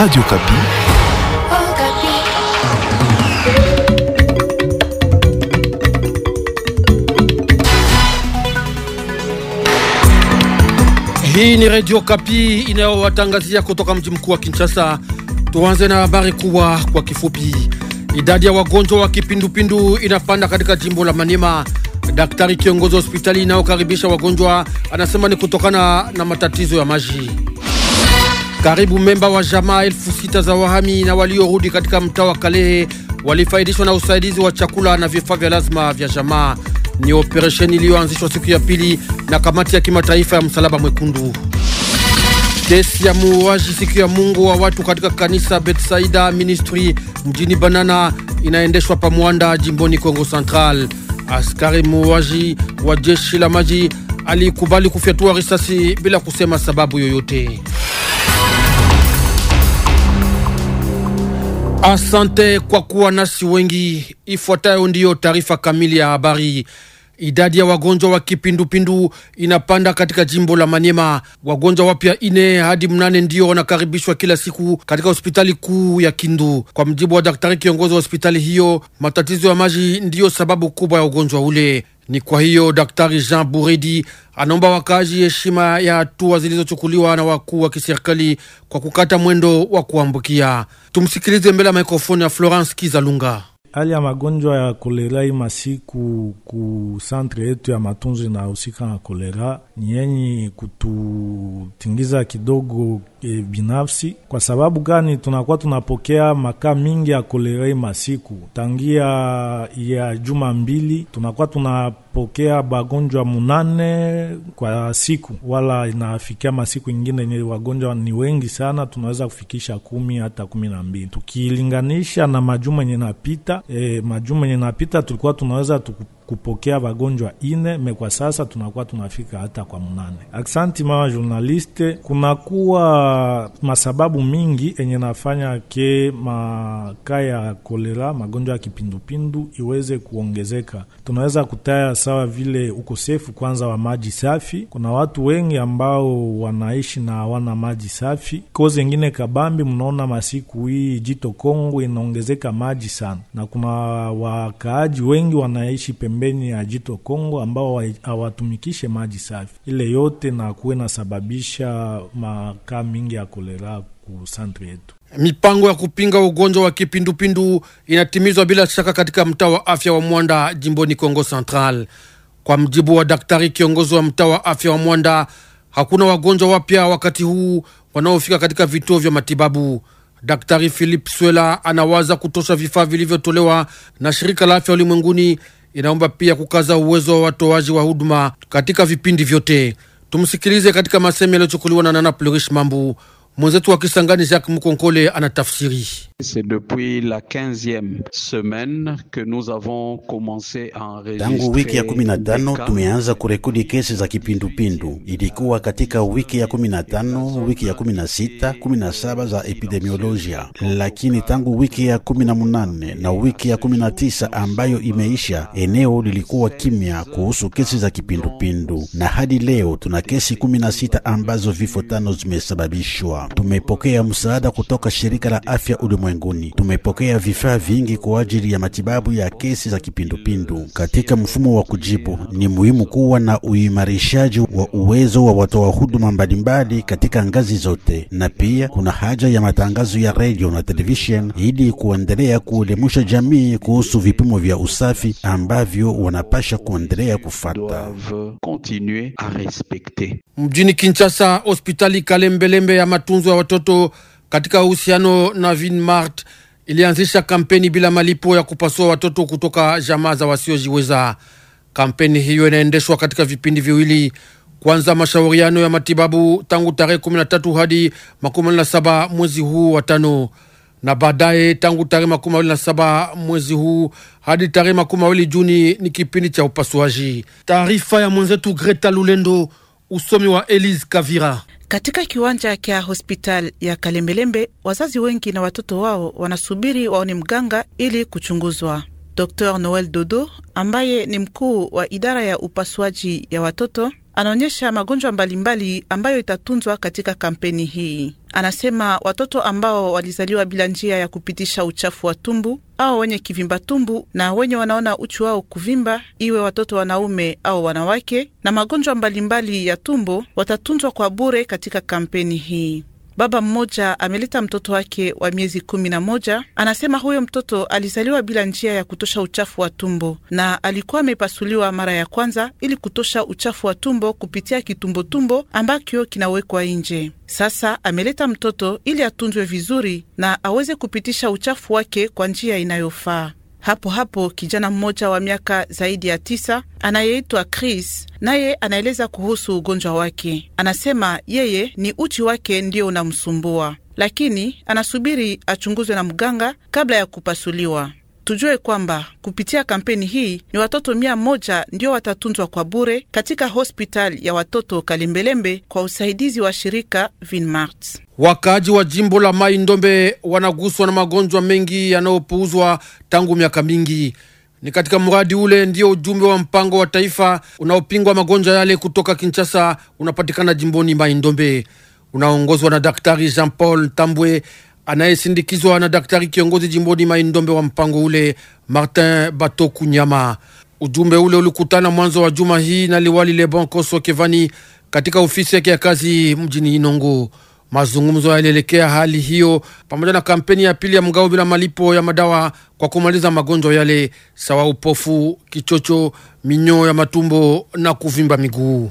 Radio Kapi. Hii ni Radio Kapi inayowatangazia kutoka mji mkuu wa Kinshasa. Tuanze na habari kubwa kwa kifupi. Idadi ya wagonjwa wa kipindupindu inapanda katika jimbo la manema Daktari kiongozi wa hospitali inayokaribisha wagonjwa anasema ni kutokana na matatizo ya maji. Karibu memba wa jamaa elfu sita za wahami na waliorudi katika mtaa wa Kalehe walifaidishwa na usaidizi wa chakula na vifaa vya lazima vya jamaa. Ni operesheni iliyoanzishwa siku ya pili na kamati ya kimataifa ya msalaba mwekundu. Kesi ya muuaji siku ya Mungu wa watu katika kanisa Betsaida Ministry mjini Banana inaendeshwa pa Mwanda jimboni Kongo Central. Askari muuaji wa jeshi la maji alikubali kufyatua risasi bila kusema sababu yoyote. Asante kwa kuwa nasi wengi. Ifuatayo ndiyo taarifa kamili ya habari. Idadi ya wagonjwa wa kipindupindu inapanda katika jimbo la manyema Wagonjwa wapya ine hadi mnane ndiyo wanakaribishwa kila siku katika hospitali kuu ya Kindu. Kwa mjibu wa daktari kiongozi wa hospitali hiyo, matatizo ya maji ndiyo sababu kubwa ya ugonjwa ule. Ni kwa hiyo Daktari Jean Buredi anaomba wakazi heshima ya hatua zilizochukuliwa na wakuu wa kiserikali kwa kukata mwendo wa kuambukia. Tumsikilize mbele ya mikrofoni ya Florence Kizalunga. Hali ya magonjwa ya kolera hii masiku ku santre yetu ya matunzo inahusika na kolera, ni yenye kututingiza kidogo e, binafsi. Kwa sababu gani? Tunakuwa tunapokea makaa mingi ya kolerei masiku tangia ya juma mbili, tunakuwa tunapokea bagonjwa munane kwa siku, wala inafikia masiku ingine ni wagonjwa ni wengi sana, tunaweza kufikisha kumi hata kumi na mbili tukilinganisha na majuma yenye napita. E, eh, majuma yenye napita tulikuwa tunaweza tukup kupokea wagonjwa ine, me kwa sasa tunakuwa tunafika hata kwa mnane. Aksanti mama journaliste, kunakuwa masababu mingi enye nafanya ke maka ya kolera, magonjwa ya kipindupindu iweze kuongezeka. Tunaweza kutaya sawa vile ukosefu kwanza wa maji safi. Kuna watu wengi ambao wanaishi na hawana maji safi. Kozi ingine kabambi, mnaona masiku hii jito Kongo inaongezeka maji sana, na kuna wakaaji wengi wanaishi pembe pembeni ya jito Kongo ambao hawatumikishe maji safi. Ile yote na kuwe nasababisha makaa mingi ya kolera ku santre yetu. Mipango ya kupinga ugonjwa wa kipindupindu inatimizwa bila shaka katika mtaa wa afya wa Mwanda jimboni Kongo Central. Kwa mjibu wa daktari kiongozi wa mtaa wa afya wa Mwanda, hakuna wagonjwa wapya wakati huu wanaofika katika vituo vya matibabu. Daktari Philip Swela anawaza kutosha vifaa vilivyotolewa na shirika la afya ulimwenguni inaomba pia kukaza uwezo wa watoaji wa huduma katika vipindi vyote. Tumsikilize katika masemi yaliyochukuliwa na Nana Plurish Mambu, Mwenzetu wa Kisangani jack Mukonkole anatafsiri. Tangu wiki ya 15 tumeanza kurekodi kesi za kipindupindu. Ilikuwa katika wiki ya 15, wiki ya 16, 17 za epidemiolojia, lakini tangu wiki ya 18 na wiki ya 19 ambayo imeisha, eneo lilikuwa kimya kuhusu kesi za kipindupindu, na hadi leo tuna kesi 16 ambazo vifo tano zimesababishwa. Tumepokea msaada kutoka shirika la afya ulimwenguni. Tumepokea vifaa vingi kwa ajili ya matibabu ya kesi za kipindupindu. Katika mfumo wa kujibu, ni muhimu kuwa na uimarishaji wa uwezo wa watoa huduma mbalimbali katika ngazi zote, na pia kuna haja ya matangazo ya redio na televishen ili kuendelea kuelimisha jamii kuhusu vipimo vya usafi ambavyo wanapasha kuendelea kufata Mjini Kinshasa, hospitali Kalembelembe ya matu matunzo ya watoto katika uhusiano na Vinmart ilianzisha kampeni bila malipo ya kupasua watoto kutoka jamaa za wasiojiweza. Kampeni hiyo inaendeshwa katika vipindi viwili, kwanza mashauriano ya matibabu tangu tarehe 13 hadi 17 mwezi huu wa tano, na baadaye tangu tarehe 27 mwezi huu hadi tarehe 20 Juni ni kipindi cha upasuaji. Taarifa ya mwenzetu Greta Lulendo, usomi wa Elise Kavira. Katika kiwanja kya hospitali ya Kalembelembe, wazazi wengi na watoto wao wanasubiri waone mganga ili kuchunguzwa. Dr Noel Dodo ambaye ni mkuu wa idara ya upasuaji ya watoto anaonyesha magonjwa mbalimbali ambayo itatunzwa katika kampeni hii. Anasema watoto ambao walizaliwa bila njia ya kupitisha uchafu wa tumbu au wenye kivimba tumbu na wenye wanaona uchu wao kuvimba, iwe watoto wanaume au wanawake, na magonjwa mbalimbali ya tumbo watatunzwa kwa bure katika kampeni hii. Baba mmoja ameleta mtoto wake wa miezi kumi na moja. Anasema huyo mtoto alizaliwa bila njia ya kutosha uchafu wa tumbo na alikuwa amepasuliwa mara ya kwanza ili kutosha uchafu wa tumbo kupitia kitumbotumbo ambacho kinawekwa nje. Sasa ameleta mtoto ili atunzwe vizuri na aweze kupitisha uchafu wake kwa njia inayofaa. Hapo hapo kijana mmoja wa miaka zaidi ya tisa anayeitwa Chris naye anaeleza kuhusu ugonjwa wake. Anasema yeye ni uchi wake ndio unamsumbua, lakini anasubiri achunguzwe na mganga kabla ya kupasuliwa. Tujue kwamba kupitia kampeni hii ni watoto mia moja ndio watatunzwa kwa bure katika hospitali ya watoto Kalembelembe kwa usaidizi wa shirika Vinmart. Wakaaji wa jimbo la Mai Ndombe wanaguswa na magonjwa mengi yanayopuuzwa tangu miaka mingi. Ni katika mradi ule ndio ujumbe wa mpango wa taifa unaopingwa magonjwa yale kutoka Kinshasa unapatikana jimboni Mai Ndombe, unaongozwa na Daktari Jean Paul Tambwe anayesindikizwa na daktari kiongozi jimboni Maindombe wa mpango ule Martin Batoku Nyama. Ujumbe ule ulikutana mwanzo wa juma hii na liwali Lebon Koso Kevani katika ofisi yake ya kazi mjini Inongo. Mazungumzo yalielekea hali hiyo pamoja na kampeni ya pili ya mgao bila malipo ya madawa kwa kumaliza magonjwa yale sawa upofu, kichocho, minyoo ya matumbo na kuvimba miguu.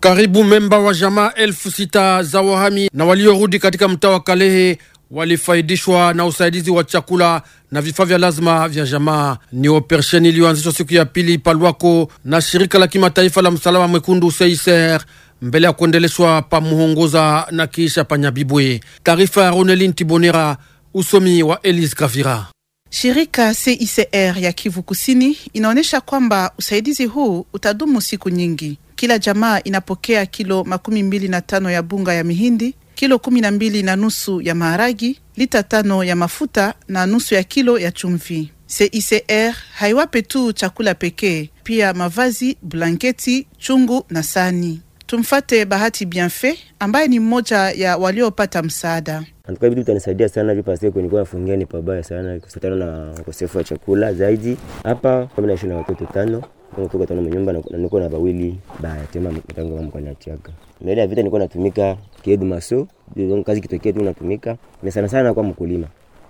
Karibu memba wa jamaa elfu sita za wahami na waliorudi katika mtaa wa Kalehe walifaidishwa na usaidizi wa chakula na vifaa vya lazima vya jamaa. Ni operesheni iliyoanzishwa siku ya pili Palwako na shirika la kimataifa la msalaba mwekundu Seiser mbele ya kuendeleshwa pa Muhongoza na kiisha panyabibwe Taarifa ya Ronelin Tibonera, usomi wa Elise kafira Shirika CICR ya Kivu Kusini inaonyesha kwamba usaidizi huu utadumu siku nyingi. Kila jamaa inapokea kilo makumi mbili na tano ya bunga ya mihindi, kilo kumi na mbili na nusu ya maharagi, lita tano ya mafuta na nusu ya kilo ya chumvi. CICR haiwape tu chakula pekee, pia mavazi, blanketi, chungu na sani. Tumfate Bahati Bienfait ambaye ni mmoja ya waliopata msaada. Antuka hivi vitanisaidia sana hivi pasi kunikuwa nafungia ni pabaya sana kusatana na ukosefu wa chakula zaidi. Hapa kumi naishi na watoto tano nilikuwa tano mnyumba na nilikuwa na bawili baya tema mtango mama kwa niachiaga. Mbele ya vita nilikuwa natumika kiedu maso, ndio kazi kitokea tu natumika. Na sana sana kwa mkulima.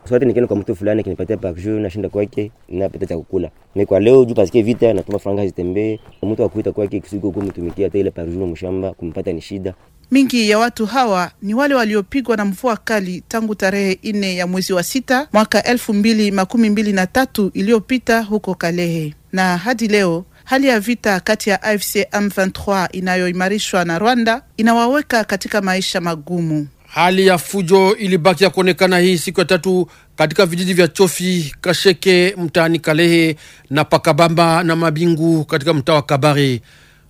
Sote nikienda kwa mtu fulani pa kinipatia pakju nashinda kwake pata cha kukula. Ni kwa leo juu pasikie vita tuma franga zitembee. Mtu akuita kwake kisiku kumtumikia hata ile pakju mshamba kumpata ni shida. Mingi ya watu hawa ni wale waliopigwa na mvua kali tangu tarehe ine ya mwezi wa sita mwaka elfu mbili makumi mbili na tatu iliyopita huko Kalehe na hadi leo hali ya vita kati ya AFC M23 inayoimarishwa na Rwanda inawaweka katika maisha magumu. Hali ya fujo ilibaki ya kuonekana hii siku ya tatu katika vijiji vya Chofi, Kasheke mtaani Kalehe na Pakabamba na Mabingu katika mtaa wa Kabari.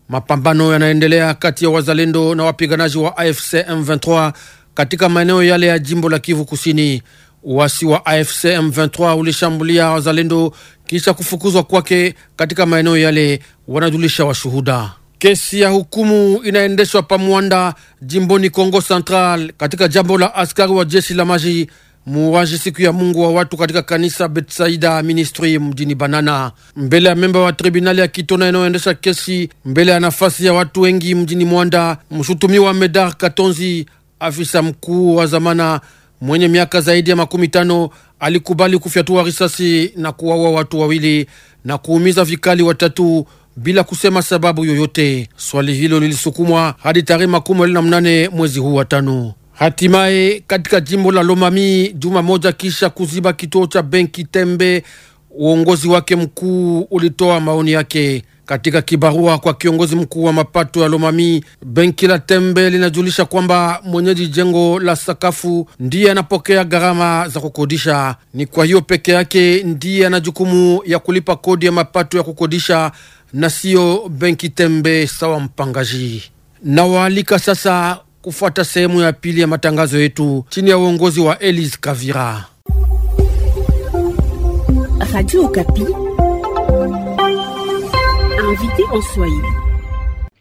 Mapambano yanaendelea kati ya wazalendo na wapiganaji wa AFC M23 katika maeneo yale ya jimbo la Kivu Kusini. Uasi wa AFC M23 ulishambulia wazalendo kisha kufukuzwa kwake katika maeneo yale, wanajulisha washuhuda. Kesi ya hukumu inaendeshwa pa Mwanda, jimboni Kongo Central, katika jambo la askari wa jeshi la maji muuaji siku ya Mungu wa watu katika kanisa Betsaida Ministry mjini Banana, mbele ya memba wa tribunali ya Kitona inayoendesha kesi, mbele ya nafasi ya watu wengi mjini Mwanda. Mshutumiwa Medar Katonzi, afisa mkuu wa zamana mwenye miaka zaidi ya makumi tano alikubali kufyatua risasi na kuwaua watu wawili na kuumiza vikali watatu bila kusema sababu yoyote. Swali hilo lilisukumwa hadi tarehe makumi mbili na mnane mwezi huu wa tano. Hatimaye katika jimbo la Lomami, juma moja kisha kuziba kituo cha benki Tembe, uongozi wake mkuu ulitoa maoni yake. Katika kibarua kwa kiongozi mkuu wa mapato ya Lomami, benki la Tembe linajulisha kwamba mwenyeji jengo la sakafu ndiye anapokea gharama za kukodisha. Ni kwa hiyo peke yake ndiye ana jukumu ya kulipa kodi ya mapato ya kukodisha na siyo benki Tembe sawa mpangaji. Nawaalika sasa kufuata sehemu ya pili ya matangazo yetu chini ya uongozi wa Elise Kavira, Radio invité en Swahili.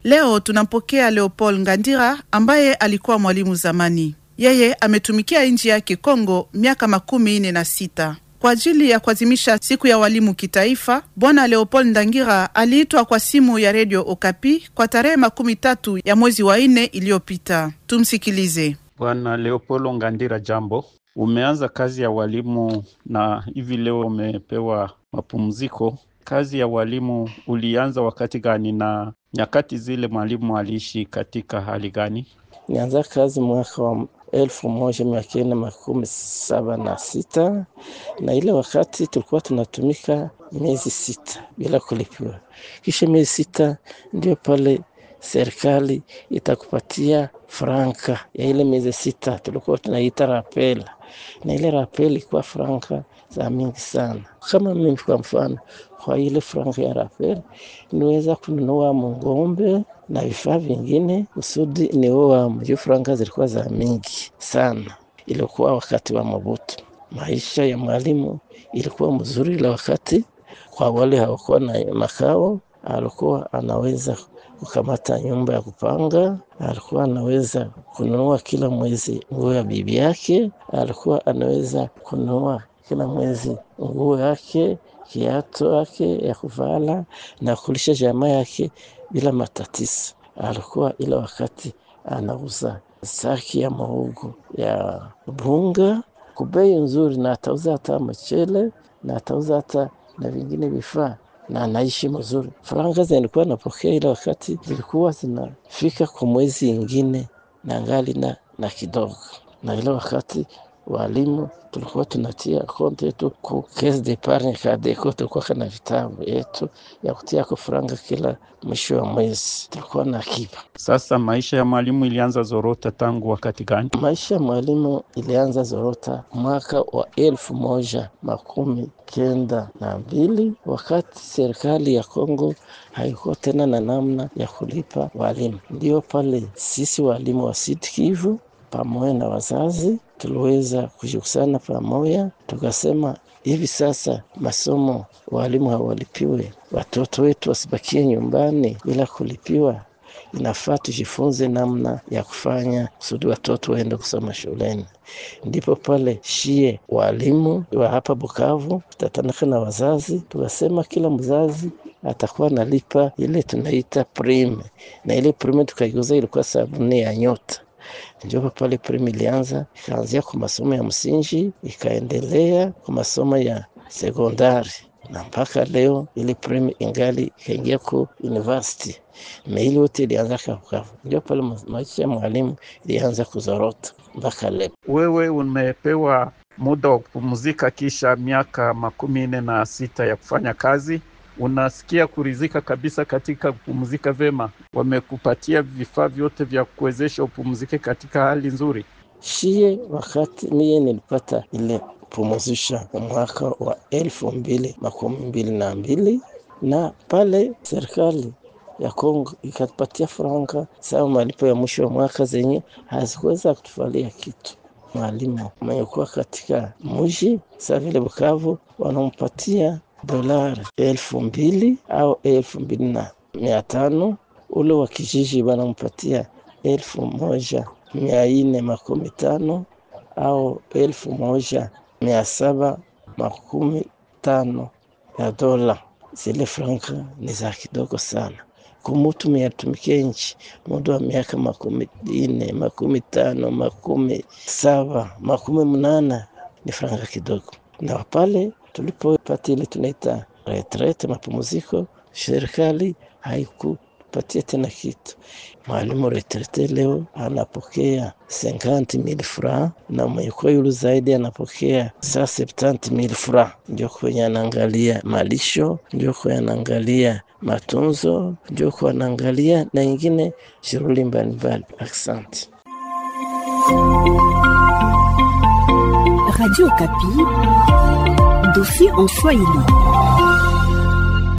Leo tunampokea Leopold Ngandira ambaye alikuwa mwalimu zamani. Yeye ametumikia nchi yake Kongo miaka makumi nne na sita. Kwa ajili ya kuadhimisha siku ya walimu kitaifa, Bwana Leopold Ndangira aliitwa kwa simu ya redio Okapi kwa tarehe makumi tatu ya mwezi wa nne iliyopita. Tumsikilize. Bwana Leopold Ngandira, jambo. Umeanza kazi ya walimu na hivi leo umepewa mapumziko kazi ya walimu ulianza wakati gani na nyakati zile mwalimu aliishi katika hali gani? Nianza kazi mwaka wa elfu moja mia kenda makumi saba na sita na ile wakati tulikuwa tunatumika miezi sita bila kulipiwa. Kisha miezi sita ndio pale serikali itakupatia franka ya ile miezi sita, tulikuwa tunaita rapela na ile rape ilikuwa franka za mingi sana. Kama mimi kwa mfano, kwa ile franka ya rapel niweza kununua mungombe na vifaa vingine kusudi wa mju. Franka zilikuwa za mingi sana, ilikuwa wakati wa Mobutu. Maisha ya mwalimu ilikuwa mzuri, ila wakati kwa wale hawakuwa na makao alikuwa anaweza kukamata nyumba ya kupanga. Alikuwa anaweza kununua kila mwezi nguo ya bibi yake, alikuwa anaweza kununua kila mwezi nguo yake, kiato yake ya kuvala na kulisha jamaa yake bila matatizo. Alikuwa ila wakati anauza saki ya mahugu ya bunga kubei nzuri, na atauza hata mchele na atauza hata na vingine vifaa na naishi mzuri. Faranga zilikuwa napokea, ila wakati zilikuwa zinafika kwa mwezi ingine na ngali na, na kidogo na ile wakati walimu tulikuwa tunatia konti yetu ku caisse d'epargne Kadeco, tulikuwa na vitabu yetu ya kutia kwa franga kila mwisho wa mwezi tulikuwa na akiba. Sasa maisha ya mwalimu ilianza zorota tangu wakati gani? Maisha ya mwalimu ilianza zorota mwaka wa elfu moja makumi kenda na mbili wakati serikali ya Kongo haikuwa tena na namna ya kulipa walimu, ndiyo pale sisi walimu wa Sud Kivu pamoja na wazazi, tuliweza kujikusana pamoja, tukasema hivi sasa masomo, walimu hawalipiwe, watoto wetu wasibakie nyumbani bila kulipiwa. Inafaa tujifunze namna ya kufanya kusudi watoto waende kusoma shuleni. Ndipo pale shie walimu wa hapa Bukavu tutatanaka na wazazi, tukasema kila mzazi atakuwa analipa ile tunaita prime, na ile prime tukaigeuza ilikuwa sabuni ya nyota ndio pale premi ilianza, ikaanzia kwa masomo ya msingi, ikaendelea kwa masomo ya sekondari na mpaka leo ili premi ingali ikaingia ku university na wote yote ilianza kavukavu. Ndio pale maisha ya mwalimu ilianza kuzorota mpaka leo. Wewe umepewa muda wa kupumzika kisha miaka makumi nne na sita ya kufanya kazi unasikia kuridhika kabisa katika kupumzika vema, wamekupatia vifaa vyote vya kuwezesha upumzike katika hali nzuri. Shie wakati mie nilipata ile pumzisha mwaka wa elfu mbili makumi mbili na mbili na pale serikali ya Kongo ikatupatia franka sawa, malipo ya mwisho wa mwaka zenye hazikuweza kutufalia kitu. Mwalimu mwenye kuwa katika mji sa vile Bukavu wanampatia dolari elfu mbili au elfu mbili na mia tano ule wa kijiji wanampatia elfu moja mia nne makumi tano au elfu moja mia saba makumi tano ya dola. Zile franka ni za kidogo sana kumutu meyatumikia nchi mudu wa miaka makumi ine makumi tano makumi saba makumi mnana ni franka kidogo, na wapale Tulipopata ile tunaita retrete, mapumziko, serikali haikupatia e tena kitu. Mwalimu retrete leo anapokea 50000 francs na mwenye kwa yule zaidi anapokea saa 70000 francs. Ndio kwenye anaangalia malisho, ndio kwenye anaangalia matunzo, ndio kwenye anaangalia na ingine shughuli mbalimbali. Asante. Radio Kapi. Dofi en Swahili.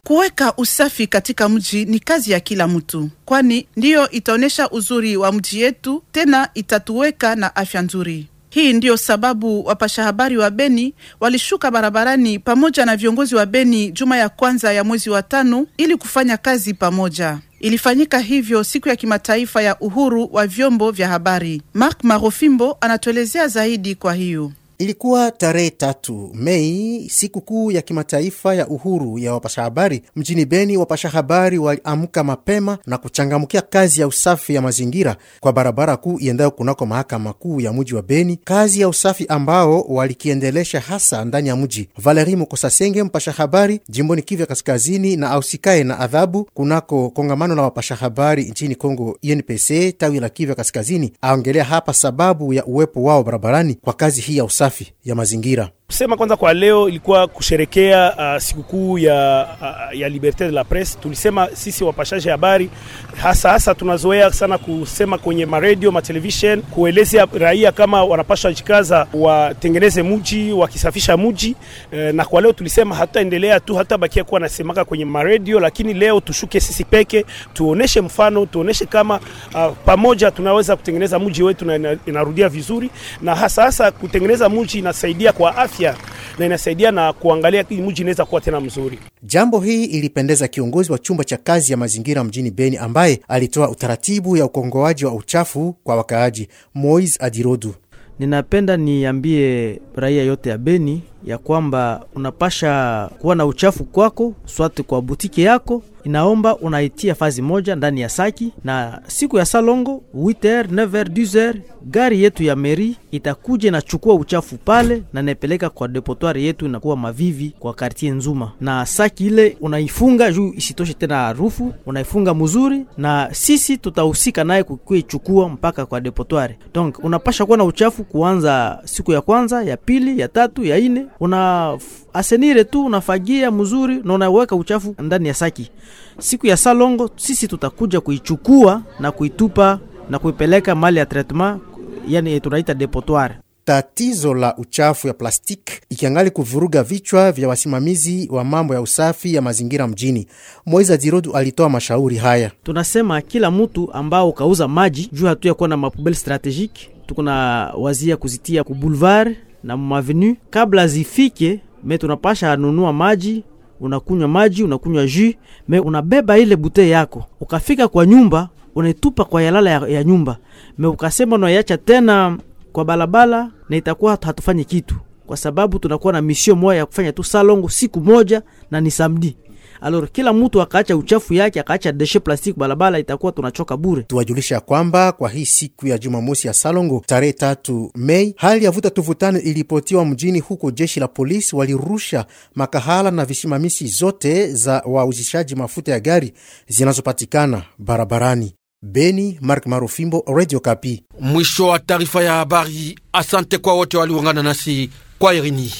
Kuweka usafi katika mji ni kazi ya kila mtu, kwani ndiyo itaonyesha uzuri wa mji yetu, tena itatuweka na afya nzuri. Hii ndiyo sababu wapasha habari wa Beni walishuka barabarani pamoja na viongozi wa Beni juma ya kwanza ya mwezi wa tano ili kufanya kazi pamoja. Ilifanyika hivyo siku ya kimataifa ya uhuru wa vyombo vya habari. Mark Marofimbo anatuelezea zaidi. Kwa hiyo Ilikuwa tarehe tatu Mei, siku kuu ya kimataifa ya uhuru ya wapasha habari mjini Beni. Wapasha habari waliamka mapema na kuchangamkia kazi ya usafi ya mazingira kwa barabara kuu iendayo kunako mahakama kuu ya muji wa Beni, kazi ya usafi ambao walikiendelesha hasa ndani ya mji. Valeri Mukosasenge, mpasha habari jimboni kivya Kaskazini na ausikae na adhabu kunako kongamano la wapasha habari nchini Kongo, UNPC tawi la kivya Kaskazini, aongelea hapa sababu ya uwepo wao barabarani kwa kazi hii ya usafi safi ya mazingira. Kusema kwanza kwa leo ilikuwa kusherekea uh, sikukuu ya, uh, ya Liberte de la Presse. Tulisema sisi wapashaji habari hasa hasa tunazoea sana kusema kwenye maradio matelevishen, kuelezea raia kama wanapashwa jikaza, watengeneze muji, wakisafisha muji e, na kwa leo tulisema hatutaendelea tu hata bakia kuwa nasemaka kwenye maredio, lakini leo tushuke sisi peke, tuoneshe mfano, tuoneshe kama uh, pamoja tunaweza kutengeneza muji wetu na inarudia vizuri, na hasa hasa kutengeneza muji mji inasaidia kwa afya na inasaidia na kuangalia mji inaweza kuwa tena mzuri. Jambo hii ilipendeza kiongozi wa chumba cha kazi ya mazingira mjini Beni ambaye alitoa utaratibu ya ukongoaji wa uchafu kwa wakaaji. mois Adirodu: ninapenda niambie raia yote ya Beni ya kwamba unapasha kuwa na uchafu kwako swati kwa butiki yako, inaomba unaitia fazi moja ndani ya saki, na siku ya salongo 8h 9h 10h gari yetu ya meri itakuja inachukua uchafu pale na naipeleka kwa depotoire yetu, inakuwa mavivi kwa kartie nzuma. Na saki ile unaifunga juu isitoshe tena harufu, unaifunga mzuri, na sisi tutahusika naye kuichukua mpaka kwa depotoire. Donc unapasha kuwa na uchafu kuanza siku ya kwanza, ya pili, ya tatu, ya ine una asenire tu unafagia mzuri na unaweka uchafu ndani ya saki. Siku ya salongo sisi tutakuja kuichukua na kuitupa na kuipeleka mali ya traitement, yani tunaita depotoire. Tatizo la uchafu ya plastiki ikiangali kuvuruga vichwa vya wasimamizi wa mambo ya usafi ya mazingira mjini. Moiza Zirodu alitoa mashauri haya: tunasema kila mtu ambao ukauza maji juu ya kuwa na mapubeli strategiki, tuko na wazia kuzitia ku boulevard na mavenu kabla zifike, me tunapasha anunua maji, unakunywa maji, unakunywa jus, me unabeba ile bute yako, ukafika kwa nyumba unaitupa kwa yalala ya, ya nyumba, me ukasema unaiacha tena kwa balabala, na itakuwa hatufanyi kitu kwa sababu tunakuwa na misio moja ya kufanya tu salongo siku moja na ni samedi alor kila mtu akaacha uchafu yake, akaacha deshe plastiki balabala, itakuwa tunachoka bure. Tuwajulisha kwamba kwa hii siku ya Jumamosi ya Salongo tarehe tatu Mei, hali ya vuta tuvutano ilipotiwa mjini huko. Jeshi la polisi walirusha makahala na visimamisi zote za wauzishaji mafuta ya gari zinazopatikana barabarani. Beni, Mark Marufimbo, Radio Kapi. Mwisho wa taarifa ya habari. Asante kwa wote waliungana nasi kwa Irini.